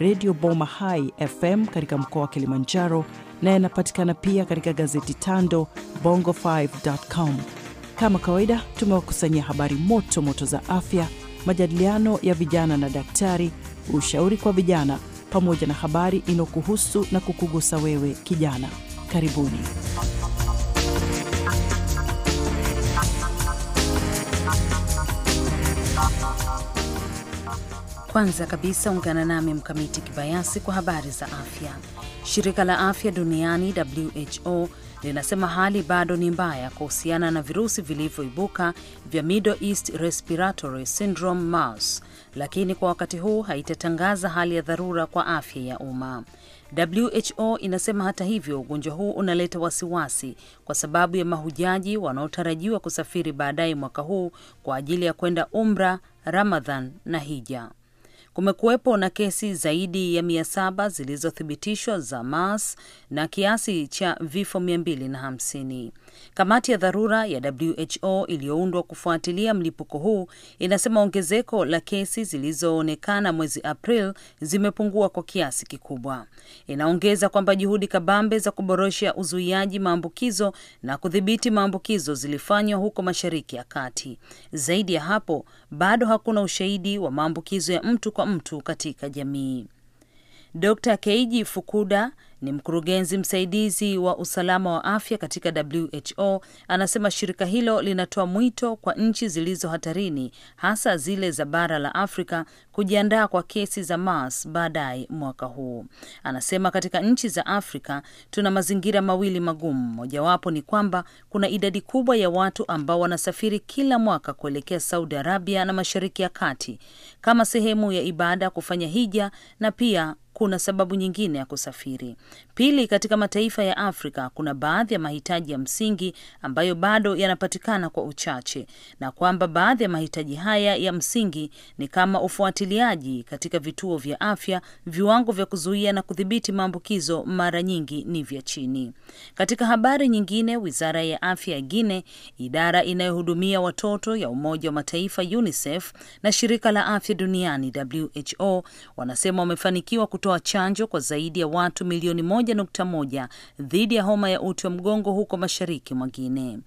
redio Boma Hai FM katika mkoa wa Kilimanjaro na yanapatikana pia katika gazeti Tando bongo 5 com Kama kawaida, tumewakusanyia habari moto moto za afya, majadiliano ya vijana na daktari, ushauri kwa vijana, pamoja na habari inayokuhusu na kukugusa wewe kijana. Karibuni. Kwanza kabisa ungana nami Mkamiti Kibayasi kwa habari za afya. Shirika la afya duniani WHO linasema hali bado ni mbaya kuhusiana na virusi vilivyoibuka vya Middle East Respiratory Syndrome MERS, lakini kwa wakati huu haitatangaza hali ya dharura kwa afya ya umma. WHO inasema hata hivyo, ugonjwa huu unaleta wasiwasi kwa sababu ya mahujaji wanaotarajiwa kusafiri baadaye mwaka huu kwa ajili ya kwenda Umra, Ramadhan na Hija kumekuwepo na kesi zaidi ya mia saba zilizothibitishwa za MERS na kiasi cha vifo mia mbili na hamsini. Kamati ya dharura ya WHO iliyoundwa kufuatilia mlipuko huu inasema ongezeko la kesi zilizoonekana mwezi April zimepungua kwa kiasi kikubwa. Inaongeza kwamba juhudi kabambe za kuboresha uzuiaji maambukizo na kudhibiti maambukizo zilifanywa huko Mashariki ya Kati. Zaidi ya hapo, bado hakuna ushahidi wa maambukizo ya mtu kwa mtu katika jamii. Dr. Keiji Fukuda ni mkurugenzi msaidizi wa usalama wa afya katika WHO, anasema shirika hilo linatoa mwito kwa nchi zilizo hatarini, hasa zile za bara la Afrika, kujiandaa kwa kesi za MERS baadaye mwaka huu. Anasema katika nchi za Afrika tuna mazingira mawili magumu, mojawapo ni kwamba kuna idadi kubwa ya watu ambao wanasafiri kila mwaka kuelekea Saudi Arabia na Mashariki ya Kati kama sehemu ya ibada, kufanya hija na pia kuna sababu nyingine ya kusafiri. Pili, katika mataifa ya Afrika kuna baadhi ya mahitaji ya msingi ambayo bado yanapatikana kwa uchache, na kwamba baadhi ya mahitaji haya ya msingi ni kama ufuatiliaji katika vituo vya afya, viwango vya kuzuia na kudhibiti maambukizo mara nyingi ni vya chini. Katika habari nyingine, wizara ya afya ya Guine, idara inayohudumia watoto ya Umoja wa Mataifa UNICEF na shirika la afya duniani WHO wanasema wamefanikiwa kutoa chanjo kwa zaidi ya watu milioni moja nukta moja dhidi ya homa ya uti wa mgongo huko mashariki mwa Guine.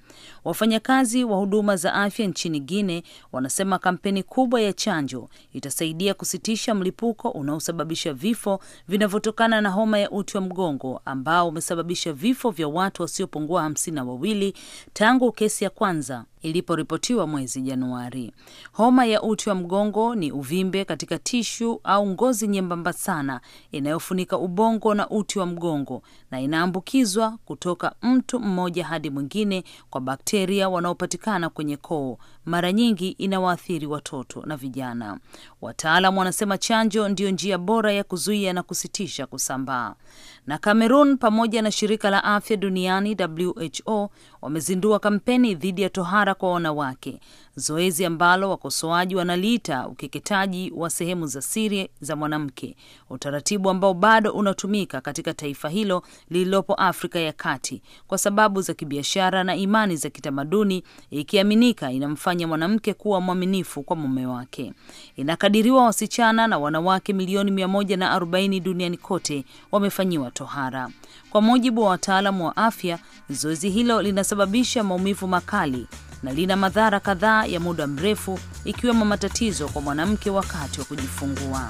Wafanyakazi wa huduma za afya nchini Guine wanasema kampeni kubwa ya chanjo itasaidia kusitisha mlipuko unaosababisha vifo vinavyotokana na homa ya uti wa mgongo ambao umesababisha vifo vya watu wasiopungua hamsini na wawili tangu kesi ya kwanza iliporipotiwa mwezi Januari. Homa ya uti wa mgongo ni uvimbe katika tishu au ngozi nyembamba sana inayofunika ubongo na uti wa mgongo na inaambukizwa kutoka mtu mmoja hadi mwingine kwa bakteria wanaopatikana kwenye koo. Mara nyingi inawaathiri watoto na vijana. Wataalam wanasema chanjo ndiyo njia bora ya kuzuia na kusitisha kusambaa na Cameroon pamoja na shirika la afya duniani WHO wamezindua kampeni dhidi ya tohara kwa wanawake, zoezi ambalo wakosoaji wanaliita ukeketaji wa sehemu za siri za mwanamke, utaratibu ambao bado unatumika katika taifa hilo lililopo Afrika ya Kati kwa sababu za kibiashara na imani za kitamaduni, ikiaminika inamfanya mwanamke kuwa mwaminifu kwa mume wake. Inakadiriwa wasichana na wanawake milioni 140 duniani kote wamefanyiwa tohara. Kwa mujibu wa wataalamu wa afya, zoezi hilo linasababisha maumivu makali na lina madhara kadhaa ya muda mrefu, ikiwemo matatizo kwa mwanamke wakati wa kujifungua.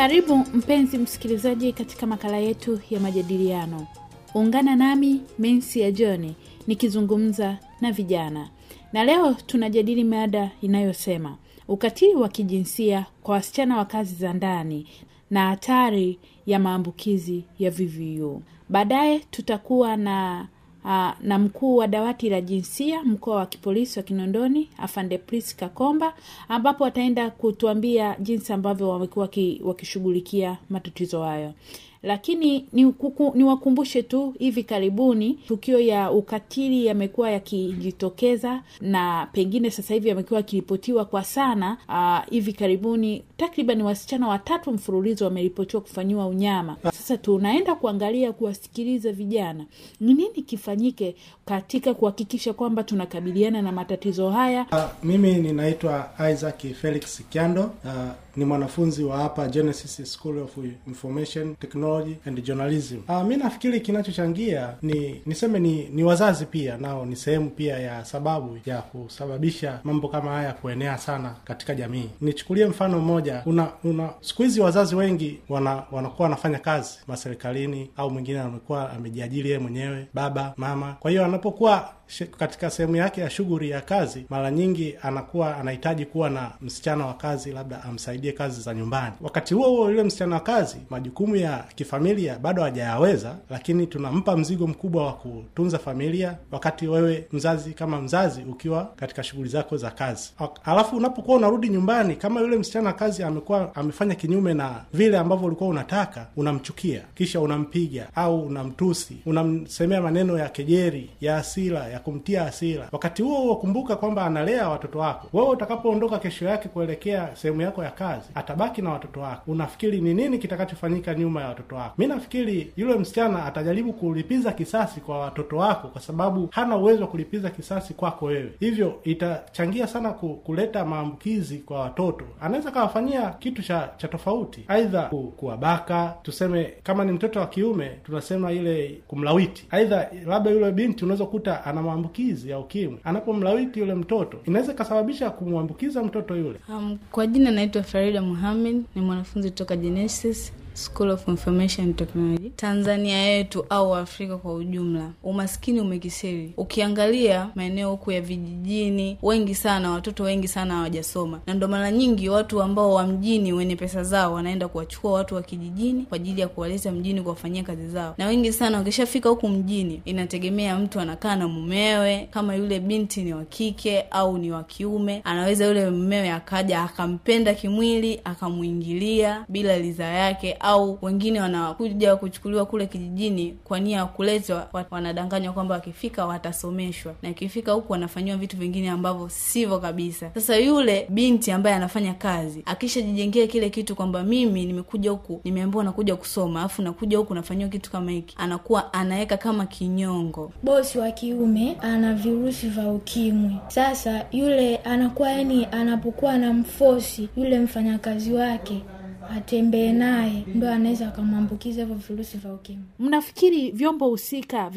Karibu mpenzi msikilizaji, katika makala yetu ya majadiliano. Ungana nami Mensi ya joni nikizungumza na vijana, na leo tunajadili mada inayosema ukatili wa kijinsia kwa wasichana wa kazi za ndani na hatari ya maambukizi ya VVU. Baadaye tutakuwa na aa, ah, na mkuu wa dawati la jinsia mkoa wa kipolisi wa Kinondoni afande Priska Kakomba, ambapo wataenda kutuambia jinsi ambavyo wamekuwa wakishughulikia matatizo hayo lakini ni, kuku, ni wakumbushe tu hivi karibuni tukio ya ukatili yamekuwa yakijitokeza na pengine sasa hivi yamekuwa yakiripotiwa kwa sana. uh, hivi karibuni takriban wasichana watatu mfululizo wameripotiwa kufanyiwa unyama. Sasa tunaenda kuangalia kuwasikiliza vijana ni nini kifanyike katika kuhakikisha kwamba tunakabiliana na matatizo haya. Uh, mimi ninaitwa Isaac Felix Kyando. Uh, ah, ni mwanafunzi wa hapa Genesis School of Information Technology and Journalism. Ah, mi nafikiri kinachochangia ni niseme ni, ni wazazi pia nao ni sehemu pia ya sababu ya kusababisha mambo kama haya kuenea sana katika jamii. Nichukulie mfano mmoja, una, una siku hizi wazazi wengi wana, wanakuwa wanafanya kazi maserikalini au mwingine amekuwa amejiajiri yeye mwenyewe, baba mama. Kwa hiyo anapokuwa katika sehemu yake ya shughuli ya kazi, mara nyingi anakuwa anahitaji kuwa na msichana wa kazi, labda amsaidie kazi za nyumbani. Wakati huo huo, yule msichana wa kazi majukumu ya kifamilia bado hajayaweza, lakini tunampa mzigo mkubwa wa kutunza familia, wakati wewe mzazi kama mzazi ukiwa katika shughuli zako za kazi. Alafu unapokuwa unarudi nyumbani, kama yule msichana wa kazi amekuwa amefanya kinyume na vile ambavyo ulikuwa unataka, unamchukia, kisha unampiga au unamtusi, unamsemea maneno ya kejeri, ya hasira, ya kumtia hasira. Wakati huo huo, kumbuka kwamba analea watoto wako. Wewe utakapoondoka kesho yake kuelekea sehemu yako ya kazi, atabaki na watoto wako. Unafikiri ni nini kitakachofanyika nyuma ya watoto wako? Mi nafikiri yule msichana atajaribu kulipiza kisasi kwa watoto wako, kwa sababu hana uwezo wa kulipiza kisasi kwako wewe, hivyo itachangia sana kuleta maambukizi kwa watoto. Anaweza akawafanyia kitu cha, cha tofauti, aidha kuwabaka, tuseme kama ni mtoto wa kiume tunasema ile kumlawiti, aidha labda yule binti unaweza ana maambukizi ya ukimwi anapomlawiti yule mtoto inaweza ikasababisha kumwambukiza mtoto yule. Um, kwa jina naitwa Farida Muhamed, ni mwanafunzi kutoka Genesis School of Information Technology. Tanzania yetu au Afrika kwa ujumla, umaskini umekisiri. Ukiangalia maeneo huku ya vijijini, wengi sana, watoto wengi sana hawajasoma, na ndo mara nyingi watu ambao wa mjini wenye pesa zao wanaenda kuwachukua watu wa kijijini kwa ajili ya kuwaleta mjini kuwafanyia kazi zao, na wengi sana wakishafika huku mjini, inategemea mtu anakaa na mumewe, kama yule binti ni wa kike au ni wa kiume, anaweza yule mumewe akaja akampenda kimwili, akamwingilia bila ridhaa yake au wengine wanakuja kuchukuliwa kule kijijini kwa nia ya kuletwa, wanadanganywa kwamba wakifika watasomeshwa, na ikifika huku wanafanyiwa vitu vingine ambavyo sivyo kabisa. Sasa yule binti ambaye anafanya kazi akishajijengea kile kitu kwamba mimi nimekuja huku, nimeambiwa nakuja kusoma, alafu nakuja huku nafanyiwa kitu kama hiki, anakuwa anaweka kama kinyongo. Bosi wa kiume ana virusi vya ukimwi. Sasa yule anakuwa yani, anapokuwa na mfosi yule mfanyakazi wake atembee naye, ndo anaweza akamwambukiza hivyo virusi vya ukimwi. Mnafikiri vyombo husika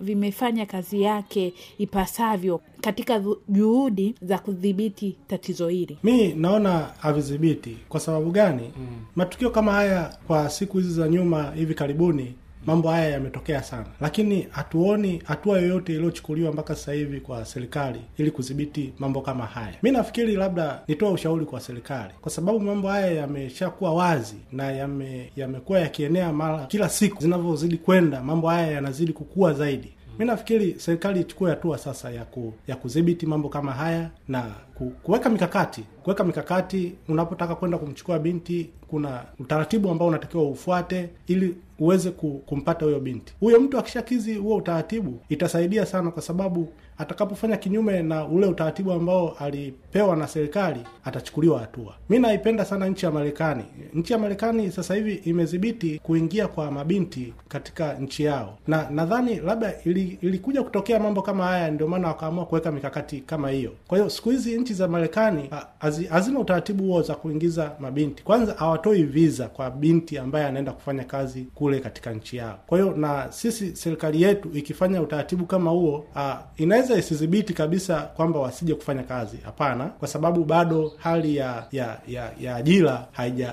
vimefanya kazi yake ipasavyo katika juhudi za kudhibiti tatizo hili? Mi naona havidhibiti. Kwa sababu gani? Mm. Matukio kama haya kwa siku hizi za nyuma hivi karibuni mambo haya yametokea sana, lakini hatuoni hatua yoyote iliyochukuliwa mpaka sasa hivi kwa serikali ili kudhibiti mambo kama haya. Mi nafikiri labda nitoa ushauri kwa serikali, kwa sababu mambo haya yameshakuwa wazi na yamekuwa yame yakienea mara kila siku zinavyozidi kwenda, mambo haya yanazidi kukua zaidi. Mi nafikiri serikali ichukue hatua sasa ya, ku, ya kudhibiti mambo kama haya na kuweka mikakati, kuweka mikakati unapotaka kwenda kumchukua binti. Kuna utaratibu ambao unatakiwa ufuate ili uweze kumpata huyo binti. Huyo mtu akishakizi huo utaratibu, itasaidia sana, kwa sababu atakapofanya kinyume na ule utaratibu ambao alipewa na serikali, atachukuliwa hatua. Mi naipenda sana nchi ya Marekani. Nchi ya Marekani sasa hivi imedhibiti kuingia kwa mabinti katika nchi yao, na nadhani labda ilikuja kutokea mambo kama haya, ndio maana wakaamua kuweka mikakati kama hiyo. Kwa hiyo siku hizi nchi za Marekani hazina utaratibu huo za kuingiza mabinti. Kwanza hawatoi viza kwa binti ambaye anaenda kufanya kazi kule katika nchi yao. Kwa hiyo na sisi serikali yetu ikifanya utaratibu kama huo, inaweza isidhibiti kabisa kwamba wasije kufanya kazi, hapana, kwa sababu bado hali ya ya ya, ya ajira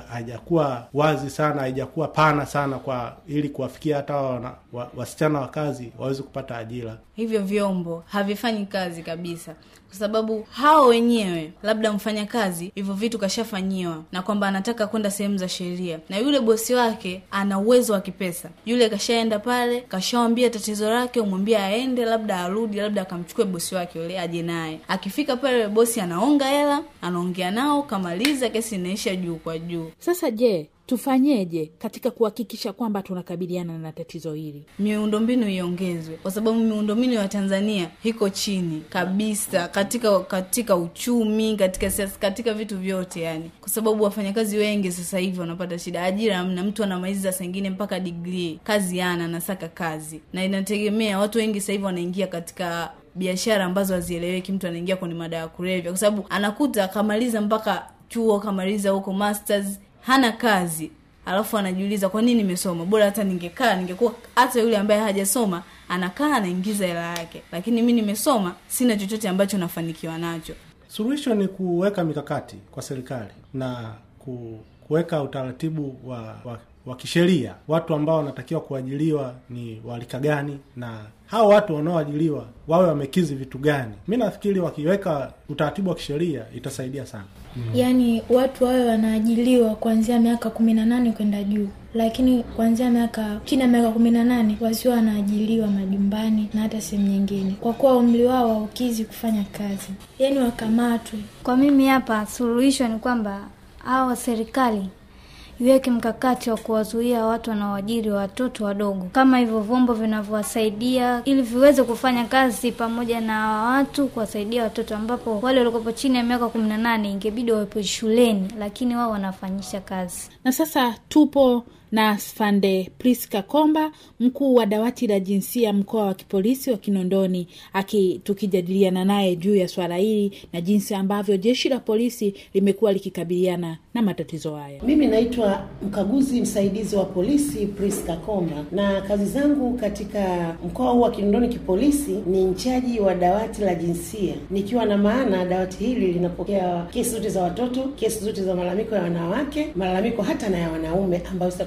haijakuwa wazi sana, haijakuwa pana sana kwa ili kuwafikia hata wa, wasichana wa kazi waweze kupata ajira. Hivyo vyombo havifanyi kazi kabisa kwa sababu hao wenyewe, labda mfanyakazi hivyo vitu kashafanyiwa, na kwamba anataka kwenda sehemu za sheria, na yule bosi wake ana uwezo wa kipesa, yule kashaenda pale, kashawambia tatizo lake, umwambia aende, labda arudi, labda akamchukue bosi wake yule aje naye. Akifika pale, bosi anaonga hela, anaongea nao, kamaliza, kesi inaisha juu kwa juu. Sasa je, tufanyeje katika kuhakikisha kwamba tunakabiliana na tatizo hili? Miundombinu iongezwe, kwa sababu miundombinu ya Tanzania iko chini kabisa katika katika uchumi, katika siasa, katika vitu vyote yani, kwa sababu wafanyakazi wengi sasa hivi wanapata shida, ajira amna mtu anamaliza sengine mpaka digrii, kazi ana nasaka kazi, na inategemea watu wengi sasa hivi wanaingia katika biashara ambazo hazieleweki. Mtu anaingia kwenye madawa ya kurevya kwa sababu anakuta akamaliza mpaka chuo, kamaliza huko masters hana kazi alafu anajiuliza kwa nini nimesoma bora hata ningekaa ningekuwa hata yule ambaye hajasoma anakaa anaingiza hela yake lakini mi nimesoma sina chochote ambacho nafanikiwa nacho suluhisho ni kuweka mikakati kwa serikali na ku kuweka utaratibu wa, wa, wa kisheria, watu ambao wanatakiwa kuajiliwa ni walika gani, na hao watu wanaoajiliwa wawe wamekizi vitu gani. Mi nafikiri wakiweka utaratibu wa kisheria itasaidia sana mm. Yaani watu wawe wanaajiliwa kuanzia miaka kumi na nane kwenda juu, lakini kuanzia miaka chini ya miaka kumi na nane wasiwa wanaajiliwa majumbani na hata sehemu nyingine, kwa kuwa umri wao waukizi kufanya kazi, yaani wakamatwe. Kwa mimi hapa suluhisho ni kwamba hao serikali viweke mkakati wa kuwazuia watu wanaoajiri watoto wadogo, kama hivyo vyombo vinavyowasaidia ili viweze kufanya kazi pamoja na watu kuwasaidia watoto, ambapo wale walikopo chini ya miaka kumi na nane ingebidi wawepo shuleni, lakini wao wanafanyisha kazi. Na sasa tupo na Sfande Priska Komba, mkuu wa dawati la jinsia mkoa wa kipolisi wa Kinondoni, tukijadiliana naye juu ya swala hili na jinsi ambavyo jeshi la polisi limekuwa likikabiliana na matatizo haya. Mimi naitwa mkaguzi msaidizi wa polisi Priska Komba, na kazi zangu katika mkoa huu wa Kinondoni kipolisi ni nchaji wa dawati la jinsia, nikiwa na maana dawati hili linapokea kesi zote za watoto, kesi zote za malalamiko ya wanawake, malalamiko hata na ya wanaume ambayo sasa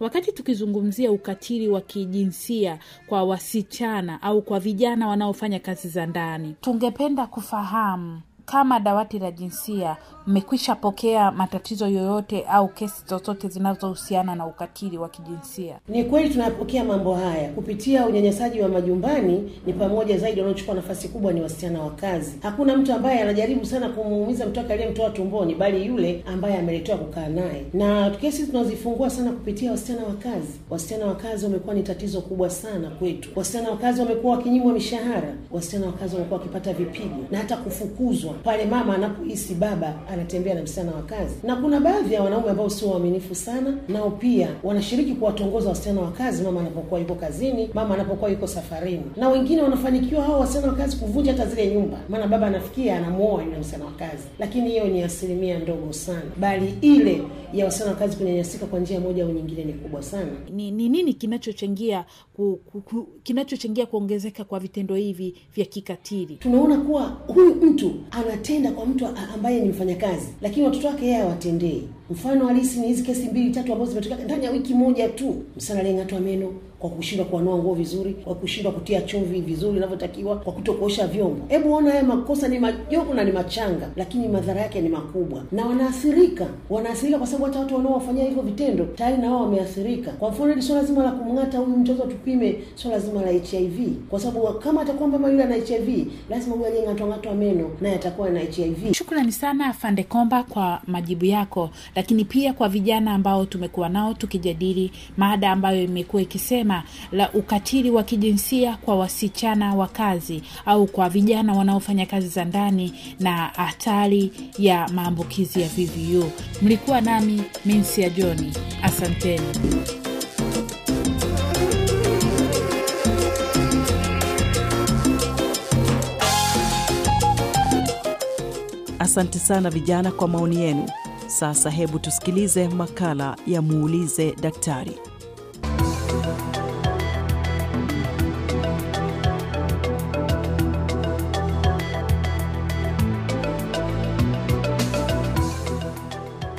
Wakati tukizungumzia ukatili wa kijinsia kwa wasichana au kwa vijana wanaofanya kazi za ndani, tungependa kufahamu kama dawati la jinsia mmekwisha pokea matatizo yoyote au kesi zozote zinazohusiana na ukatili wa kijinsia? Ni kweli tunapokea mambo haya kupitia unyanyasaji wa majumbani, ni pamoja zaidi wanaochukua nafasi kubwa ni wasichana wa kazi. Hakuna mtu ambaye anajaribu sana kumuumiza mtoto aliyemtoa tumboni, bali yule ambaye ameletewa kukaa naye, na kesi tunazifungua sana kupitia wasichana wa kazi. Wasichana wa kazi wamekuwa ni tatizo kubwa sana kwetu. Wasichana wa kazi wamekuwa wakinyimwa mishahara, wasichana wa kazi wamekuwa wakipata vipigo na hata kufukuzwa pale mama anapohisi baba anatembea na msichana wa kazi. Na kuna baadhi ya wanaume ambao sio waaminifu sana, nao pia wanashiriki kuwatongoza wasichana wa kazi mama anapokuwa yuko kazini, mama anapokuwa yuko safarini, na wengine wanafanikiwa hao wasichana wa kazi kuvunja hata zile nyumba, maana baba anafikia anamuoa yule msichana wa kazi. Lakini hiyo ni asilimia ndogo sana, bali ile ya wasichana wa kazi kunyanyasika kwa njia moja au nyingine ni kubwa sana. Ni nini ni, kinachochangia ku, ku, ku, kinachochangia kuongezeka kwa vitendo hivi vya kikatili? Tunaona kuwa huyu mtu anatenda kwa mtu ambaye ni mfanyakazi, lakini watoto wake yeye hawatendei. Mfano halisi ni hizi kesi mbili tatu ambazo zimetokea ndani ya wiki moja tu, msana aliyeng'atwa meno kwa kushindwa kuanua nguo vizuri, kwa kushindwa kutia chumvi vizuri inavyotakiwa, kwa kutokuosha vyombo. Hebu ona, haya makosa ni majogo na ni machanga, lakini madhara yake ni makubwa, na wanaathirika. Wanaathirika kwa sababu hata watu wanaowafanyia hivyo vitendo tayari na wao wameathirika. Kwa mfano, hili swala zima la kumng'ata huyu mtoto tupime, swala zima la HIV, kwa sababu kama atakuwa mama yule ana HIV, lazima huyu aliyeng'atwa ng'atwa meno naye atakuwa na HIV. Shukrani sana Afande Komba kwa majibu yako lakini pia kwa vijana ambao tumekuwa nao tukijadili mada ambayo imekuwa ikisema la ukatili wa kijinsia kwa wasichana wa kazi au kwa vijana wanaofanya kazi za ndani na hatari ya maambukizi ya VVU. Mlikuwa nami Minsia Johni, asanteni. Asante sana vijana kwa maoni yenu. Sasa hebu tusikilize makala ya muulize daktari.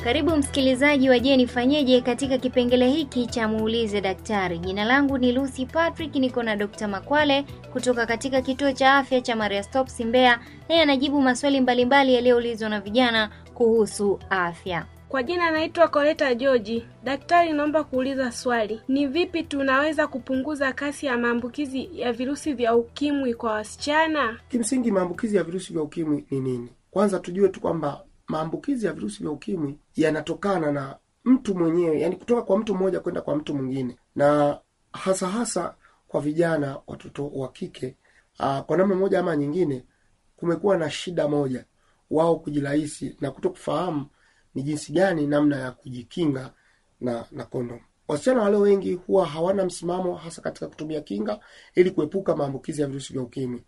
Karibu msikilizaji wa Je nifanyeje katika kipengele hiki cha muulize daktari. Jina langu ni Lucy Patrick, niko na Dr. Makwale kutoka katika kituo cha afya cha Maria Stopes Mbeya, naye anajibu maswali mbalimbali yaliyoulizwa na vijana kuhusu afya. Kwa jina anaitwa Koleta Joji. Daktari, naomba kuuliza swali. Ni vipi tunaweza kupunguza kasi ya maambukizi ya virusi vya ukimwi kwa wasichana? Kimsingi, maambukizi ya virusi vya ukimwi ni nini? Kwanza tujue tu kwamba maambukizi ya virusi vya ukimwi yanatokana na mtu mwenyewe, yani kutoka kwa mtu mmoja kwenda kwa mtu mwingine, na hasa hasa kwa vijana, watoto wa kike. Ah, kwa namna moja ama nyingine, kumekuwa na shida moja wao kujirahisi na kuto kufahamu ni jinsi gani namna ya kujikinga na na kondomu. Wasichana walio wengi huwa hawana msimamo hasa katika kutumia kinga ili kuepuka maambukizi ya virusi vya ukimwi.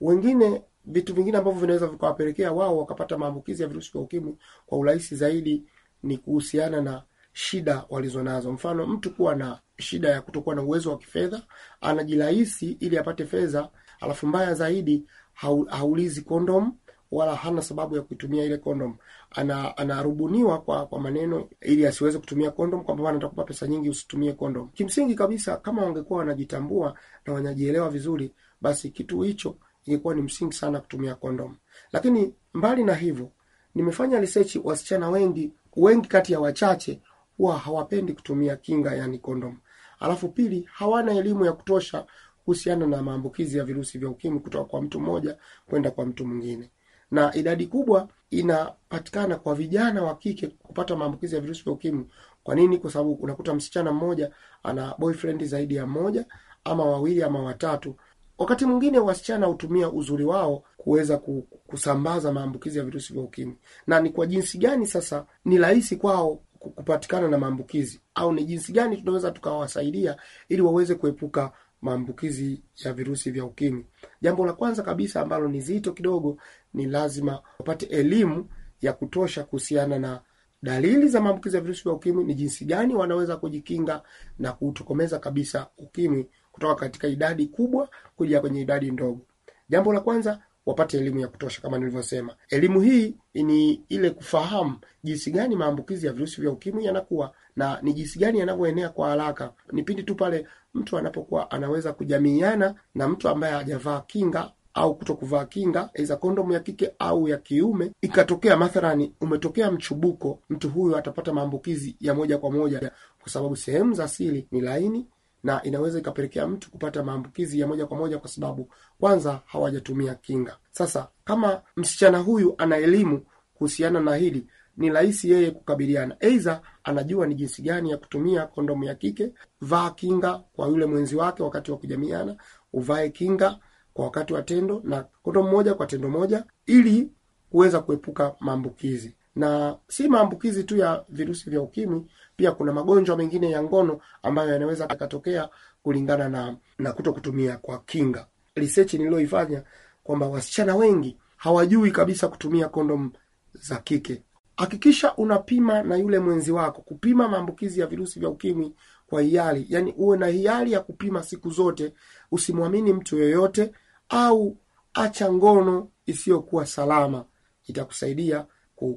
Wengine vitu vingine ambavyo vinaweza vikawapelekea wao wakapata maambukizi ya virusi vya ukimwi kwa urahisi zaidi ni kuhusiana na shida walizonazo. Mfano, mtu kuwa na shida ya kutokuwa na uwezo wa kifedha, anajirahisi ili apate fedha, alafu mbaya zaidi haulizi kondomu wala hana sababu ya kuitumia ile kondom. Ana, anarubuniwa kwa kwa maneno ili asiweze kutumia kondom, kwa bwana, nitakupa pesa nyingi usitumie kondom. Kimsingi kabisa, kama wangekuwa wanajitambua na wanajielewa vizuri, basi kitu hicho ingekuwa ni msingi sana kutumia kondom. Lakini mbali na hivyo, nimefanya research, wasichana wengi wengi kati ya wachache huwa hawapendi kutumia kinga, yani kondom. Alafu pili, hawana elimu ya kutosha kuhusiana na maambukizi ya virusi vya ukimwi kutoka kwa mtu mmoja kwenda kwa mtu mwingine na idadi kubwa inapatikana kwa vijana wa kike kupata maambukizi ya virusi vya ukimwi. Kwa nini? Kwa sababu unakuta msichana mmoja ana boyfriend zaidi ya mmoja ama wawili ama watatu. Wakati mwingine wasichana hutumia uzuri wao kuweza kusambaza maambukizi ya virusi vya ukimwi. Na ni kwa jinsi gani sasa ni rahisi kwao kupatikana na maambukizi, au ni jinsi gani tunaweza tukawasaidia ili waweze kuepuka maambukizi ya virusi vya ukimwi. Jambo la kwanza kabisa ambalo ni zito kidogo, ni lazima wapate elimu ya kutosha kuhusiana na dalili za maambukizi ya virusi vya ukimwi, ni jinsi gani wanaweza kujikinga na kutokomeza kabisa ukimwi kutoka katika idadi kubwa kuja kwenye idadi ndogo. Jambo la kwanza wapate elimu ya kutosha kama nilivyosema. Elimu hii ni ile kufahamu jinsi gani maambukizi ya virusi vya ukimwi yanakuwa, na ni jinsi gani yanavyoenea kwa haraka, ni pindi tu pale mtu anapokuwa anaweza kujamiiana na mtu ambaye hajavaa kinga au kuto kuvaa kinga aidha kondomu ya kike au ya kiume, ikatokea mathalani umetokea mchubuko, mtu huyo atapata maambukizi ya moja kwa moja, kwa sababu sehemu za siri ni laini na inaweza ikapelekea mtu kupata maambukizi ya moja kwa moja, kwa sababu kwanza hawajatumia kinga. Sasa kama msichana huyu ana elimu kuhusiana na hili ni rahisi yeye kukabiliana. Aidha, anajua ni jinsi gani ya kutumia kondomu ya kike. Vaa kinga kwa yule mwenzi wake wakati wa kujamiana, uvae kinga kwa wakati wa tendo na kondomu moja kwa tendo moja, ili kuweza kuepuka maambukizi. Na si maambukizi tu ya virusi vya ukimwi, pia kuna magonjwa mengine ya ngono ambayo yanaweza yakatokea kulingana na na kuto kutumia kwa kinga. Research niliyoifanya kwamba wasichana wengi hawajui kabisa kutumia kondomu za kike hakikisha unapima na yule mwenzi wako kupima maambukizi ya virusi vya ukimwi kwa hiari yani uwe na hiari ya kupima siku zote usimwamini mtu yoyote au acha ngono isiyokuwa salama itakusaidia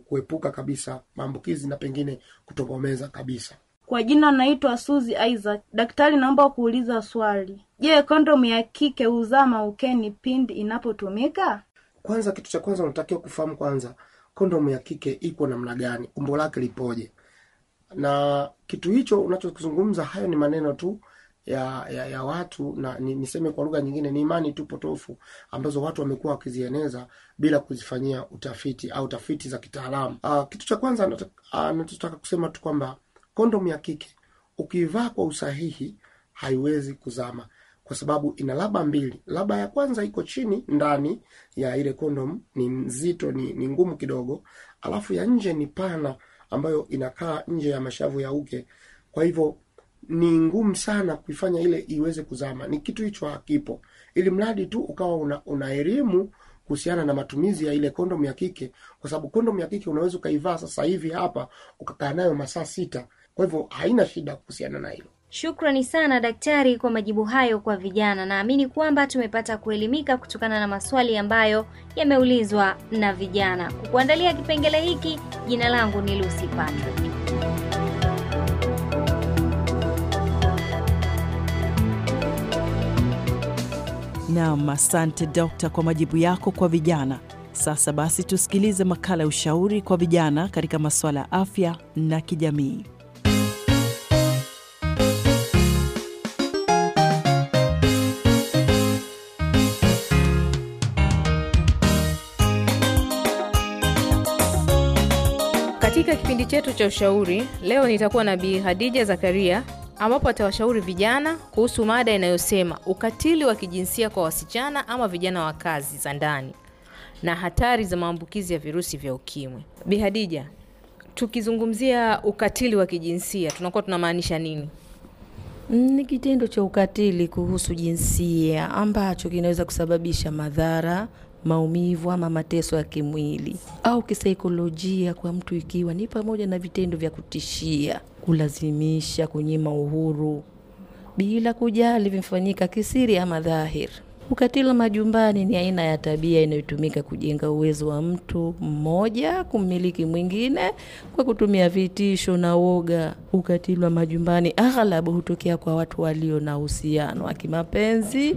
kuepuka kabisa maambukizi na pengine kutokomeza kabisa kwa jina naitwa Suzi Isaac. Daktari, naomba kuuliza swali. Je, kondomu ya kike huzaa maukeni pindi inapotumika? Kwanza, kitu cha kwanza unatakiwa kufahamu kwanza kondomu ya kike iko namna gani, umbo lake lipoje. Na kitu hicho unachokizungumza, hayo ni maneno tu ya, ya, ya watu na ni, niseme kwa lugha nyingine ni imani tu potofu ambazo watu wamekuwa wakizieneza bila kuzifanyia utafiti au tafiti za kitaalamu. Ah, kitu cha kwanza anachotaka ah, kusema tu kwamba kondomu ya kike ukiivaa kwa usahihi haiwezi kuzama kwa sababu ina laba mbili. Laba ya kwanza iko chini ndani ya ile kondom, ni nzito, ni, ni ngumu kidogo, alafu ya nje ni pana, ambayo inakaa nje ya mashavu ya uke. Kwa hivyo ni ngumu sana kuifanya ile iweze kuzama, ni kitu hicho hakipo, ili mradi tu ukawa una, una elimu kuhusiana na matumizi ya ile kondom ya kike, kwa sababu kondom ya kike unaweza ukaivaa sasa hivi hapa ukakaa nayo masaa sita. Kwa hivyo haina shida kuhusiana na hilo. Shukrani sana daktari kwa majibu hayo kwa vijana. Naamini kwamba tumepata kuelimika kutokana na maswali ambayo yameulizwa na vijana. Kukuandalia kipengele hiki, jina langu ni Lucy Patrick. Naam, asante dokta kwa majibu yako kwa vijana. Sasa basi tusikilize makala ya ushauri kwa vijana katika masuala ya afya na kijamii. kipindi chetu cha ushauri leo nitakuwa na Bi Hadija Zakaria ambapo atawashauri vijana kuhusu mada inayosema ukatili wa kijinsia kwa wasichana ama vijana wa kazi za ndani na hatari za maambukizi ya virusi vya ukimwi. Bi Hadija, tukizungumzia ukatili wa kijinsia tunakuwa tunamaanisha nini? Ni kitendo cha ukatili kuhusu jinsia ambacho kinaweza kusababisha madhara maumivu ama mateso ya kimwili au kisaikolojia kwa mtu, ikiwa ni pamoja na vitendo vya kutishia, kulazimisha, kunyima uhuru bila kujali vimefanyika kisiri ama dhahir Ukatili majumbani ni aina ya tabia inayotumika kujenga uwezo wa mtu mmoja kummiliki mwingine kwa kutumia vitisho na woga. Ukatili wa majumbani aghalabu hutokea kwa watu walio na uhusiano wa kimapenzi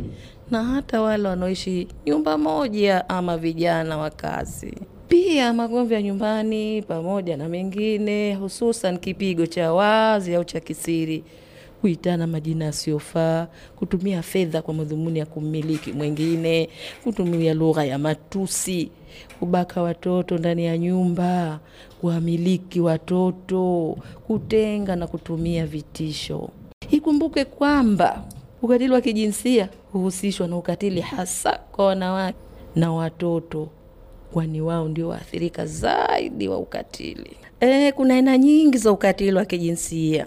na hata wale wanaoishi nyumba moja ama vijana wa kazi. Pia magomvi ya nyumbani pamoja na mengine, hususan kipigo cha wazi au cha kisiri, kuitana majina yasiyofaa, kutumia fedha kwa madhumuni ya kummiliki mwingine, kutumia lugha ya matusi, kubaka watoto ndani ya nyumba, kuwamiliki watoto, kutenga na kutumia vitisho. Ikumbuke kwamba Ukatili wa kijinsia huhusishwa na ukatili hasa kwa wanawake na watoto, kwani wao ndio waathirika zaidi wa ukatili. E, kuna aina nyingi za ukatili wa kijinsia.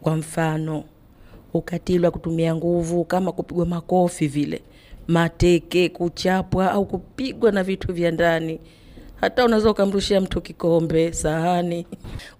Kwa mfano, ukatili wa kutumia nguvu kama kupigwa makofi vile, mateke, kuchapwa au kupigwa na vitu vya ndani hata unaweza ukamrushia mtu kikombe, sahani.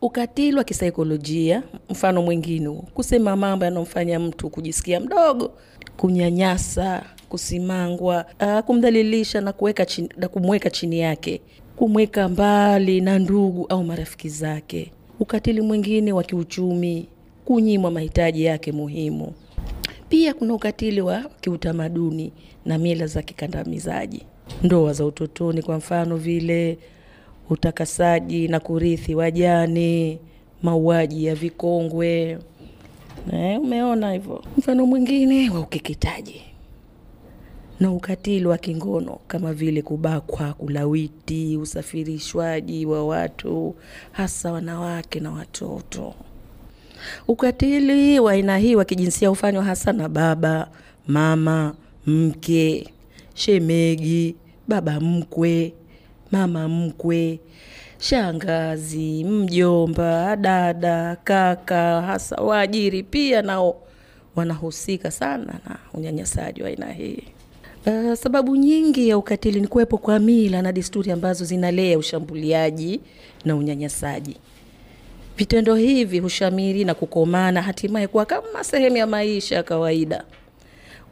Ukatili wa kisaikolojia mfano mwingine huo, kusema mambo yanaomfanya mtu kujisikia mdogo, kunyanyasa, kusimangwa, uh, kumdhalilisha na kuweka chini, na kumweka chini yake, kumweka mbali na ndugu au marafiki zake. Ukatili mwingine wa kiuchumi, kunyimwa mahitaji yake muhimu. Pia kuna ukatili wa kiutamaduni na mila za kikandamizaji ndoa za utotoni, kwa mfano vile utakasaji na kurithi wajani mauaji ya vikongwe eh, umeona hivyo. Mfano mwingine wa ukeketaji na ukatili wa kingono kama vile kubakwa, kulawiti, usafirishwaji wa watu hasa wanawake na watoto. Ukatili wa aina hii wa kijinsia hufanywa hasa na baba, mama, mke, shemegi, baba mkwe, mama mkwe, shangazi, mjomba, dada, kaka, hasa waajiri pia nao wanahusika sana na unyanyasaji wa aina hii. Uh, sababu nyingi ya ukatili ni kuwepo kwa mila na desturi ambazo zinalea ushambuliaji na unyanyasaji. Vitendo hivi hushamiri na kukomana hatimaye kuwa kama sehemu ya maisha ya kawaida.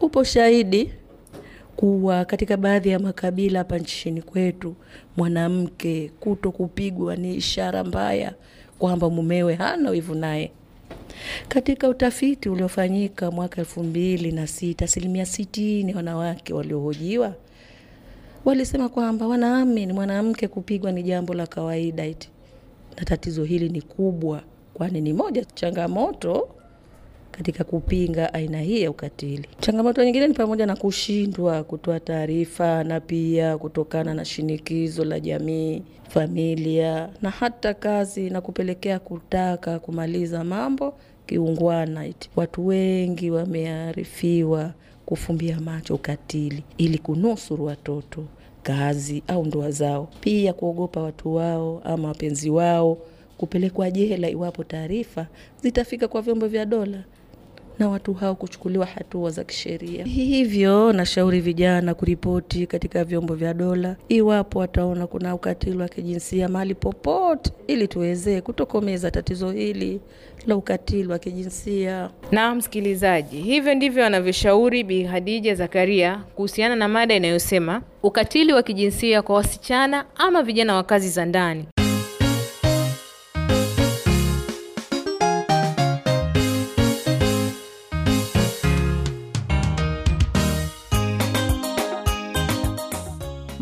Upo shahidi kuwa katika baadhi ya makabila hapa nchini kwetu mwanamke kuto kupigwa ni ishara mbaya kwamba mumewe hana wivu naye. Katika utafiti uliofanyika mwaka elfu mbili na sita asilimia sitini wanawake waliohojiwa walisema kwamba wanaamini mwanamke kupigwa ni jambo la kawaida iti, na tatizo hili ni kubwa, kwani ni moja changamoto katika kupinga aina hii ya ukatili. Changamoto nyingine ni pamoja na kushindwa kutoa taarifa na pia kutokana na shinikizo la jamii, familia na hata kazi, na kupelekea kutaka kumaliza mambo kiungwana. watu wengi wamearifiwa kufumbia macho ukatili ili kunusuru watoto kazi au ndoa zao, pia kuogopa watu wao ama wapenzi wao kupelekwa jela iwapo taarifa zitafika kwa vyombo vya dola na watu hao kuchukuliwa hatua za kisheria. Hivyo nashauri vijana kuripoti katika vyombo vya dola iwapo wataona kuna ukatili wa kijinsia mahali popote, ili tuweze kutokomeza tatizo hili la ukatili wa kijinsia. Na msikilizaji, hivyo ndivyo anavyoshauri Bi hadija Zakaria kuhusiana na mada inayosema ukatili wa kijinsia kwa wasichana ama vijana wa kazi za ndani.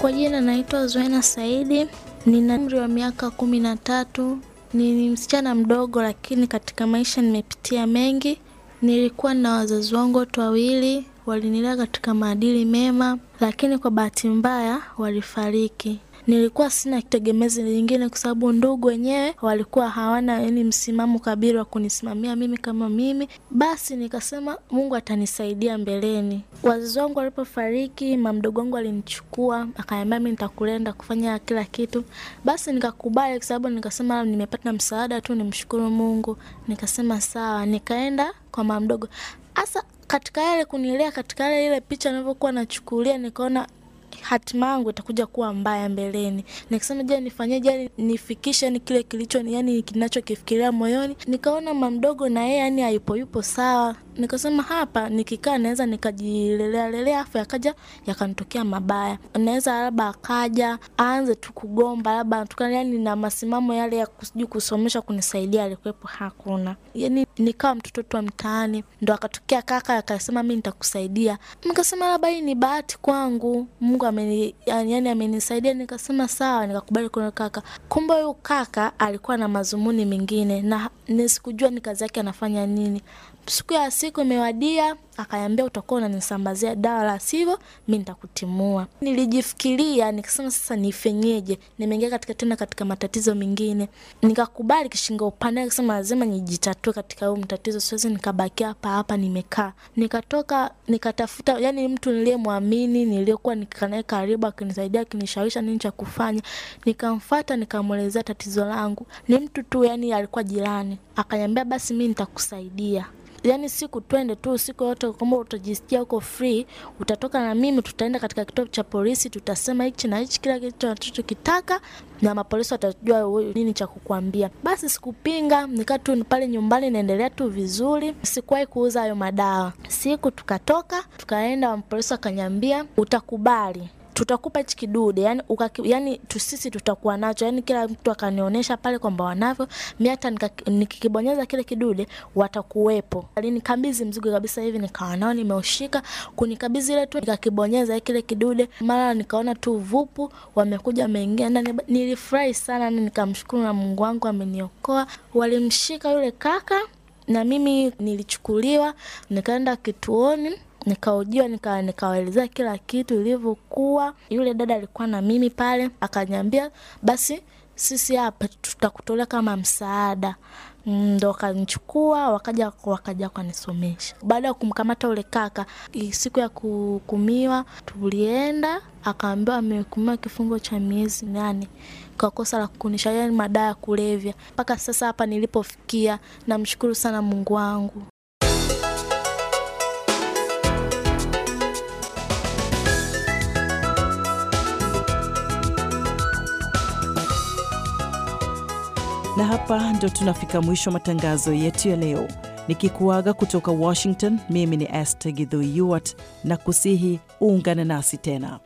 Kwa jina naitwa Zuena Saidi, nina umri wa miaka kumi na tatu. Ni msichana mdogo, lakini katika maisha nimepitia mengi. Nilikuwa na wazazi wangu wote wawili, walinilea katika maadili mema, lakini kwa bahati mbaya walifariki nilikuwa sina kitegemezi lingine, kwa sababu ndugu wenyewe walikuwa hawana yani msimamo kabiri wa kunisimamia mimi kama mimi. Basi nikasema Mungu atanisaidia mbeleni. Wazazi wangu walipofariki, mamdogo wangu alinichukua akaambia mimi nitakulenda kufanya kila kitu. Basi nikakubali, kwa sababu nikasema nimepata msaada tu, nimshukuru Mungu. Nikasema sawa, nikaenda kwa mamdogo hasa katika yale kunilea, katika yale ile picha nilivyokuwa nachukulia, nikaona hatima yangu itakuja kuwa mbaya mbeleni. Nikisema je, nifanyeje nifikishe ni kile kilicho ni yani kinachokifikiria moyoni. Nikaona mamdogo na yeye yani hayupo yupo sawa. Nikasema hapa nikikaa naweza nikajilelea lelea, afu yakaja yakanitokea mabaya. Naweza labda akaja aanze tu kugomba labda tukana yani na masimamo yale ya kusijui kusomesha kunisaidia alikuwepo hakuna yani nikawa mtoto tu wa mtaani, ndo akatokea kaka akasema mi nitakusaidia. Nikasema labda hii ni bahati kwangu, Mungu ameni, yani yaani amenisaidia. Nikasema sawa, nikakubali kuna kaka. Kumbe huyu kaka alikuwa na mazumuni mengine na nisikujua ni kazi yake anafanya nini siku ya siku imewadia, akaniambia utakuwa unanisambazia dawa, la sivyo mi nitakutimua. Nilijifikiria nikasema sasa nifenyeje, nimeingia katika tena katika matatizo mengine, nikakubali kishinga upande, nikasema lazima nijitatue katika huo mtatizo, siwezi nikabakia hapa hapa nimekaa. Nikatoka nikatafuta, yani mtu niliyemwamini, niliyokuwa nikanaye karibu, akinisaidia, akinishawisha nini cha kufanya, nikamfata nikamwelezea tatizo langu. Ni mtu tu yani alikuwa jirani, akaniambia basi mi nitakusaidia yani siku twende tu siku yote, kama utajisikia uko free. Utatoka na mimi, tutaenda katika kituo cha polisi, tutasema hichi na hichi, kila kitu tunachokitaka, na mapolisi watajua nini cha kukwambia. Basi sikupinga, nikaa tu pale nyumbani, naendelea tu vizuri, sikuwahi kuuza hayo madawa. Siku tukatoka tukaenda, mapolisi akanyambia utakubali tutakupa hichi kidude yani, ukaki, yani tusisi tutakuwa nacho yani, kila mtu akanionyesha pale kwamba wanavyo. Mimi hata nikikibonyeza kile kidude watakuwepo. Alinikabidhi mzigo kabisa hivi, nikawa nao nimeushika, kunikabidhi ile tu, nikakibonyeza kile kidude, mara nikaona tu vupu, wamekuja wameingia ndani. Nilifurahi sana, nikamshukuru na Mungu wangu ameniokoa. Walimshika yule kaka na mimi nilichukuliwa nikaenda kituoni nikaujia nika nikawaelezea kila kitu ilivyokuwa. Yule dada alikuwa na mimi pale, akaniambia basi sisi hapa tutakutolea kama msaada. Mm, ndo wakanichukua wakaja wakaja wakanisomesha. Baada ya kumkamata ule kaka, siku ya kuhukumiwa tulienda, akaambiwa amehukumiwa kifungo cha miezi nane kwa kosa la kukunisha, yani madaa ya kulevya. Mpaka sasa hapa nilipofikia, namshukuru sana Mungu wangu. Na hapa ndo tunafika mwisho matangazo yetu ya leo, nikikuaga kutoka Washington. Mimi ni Esther Githui Yuwat na kusihi uungane nasi tena.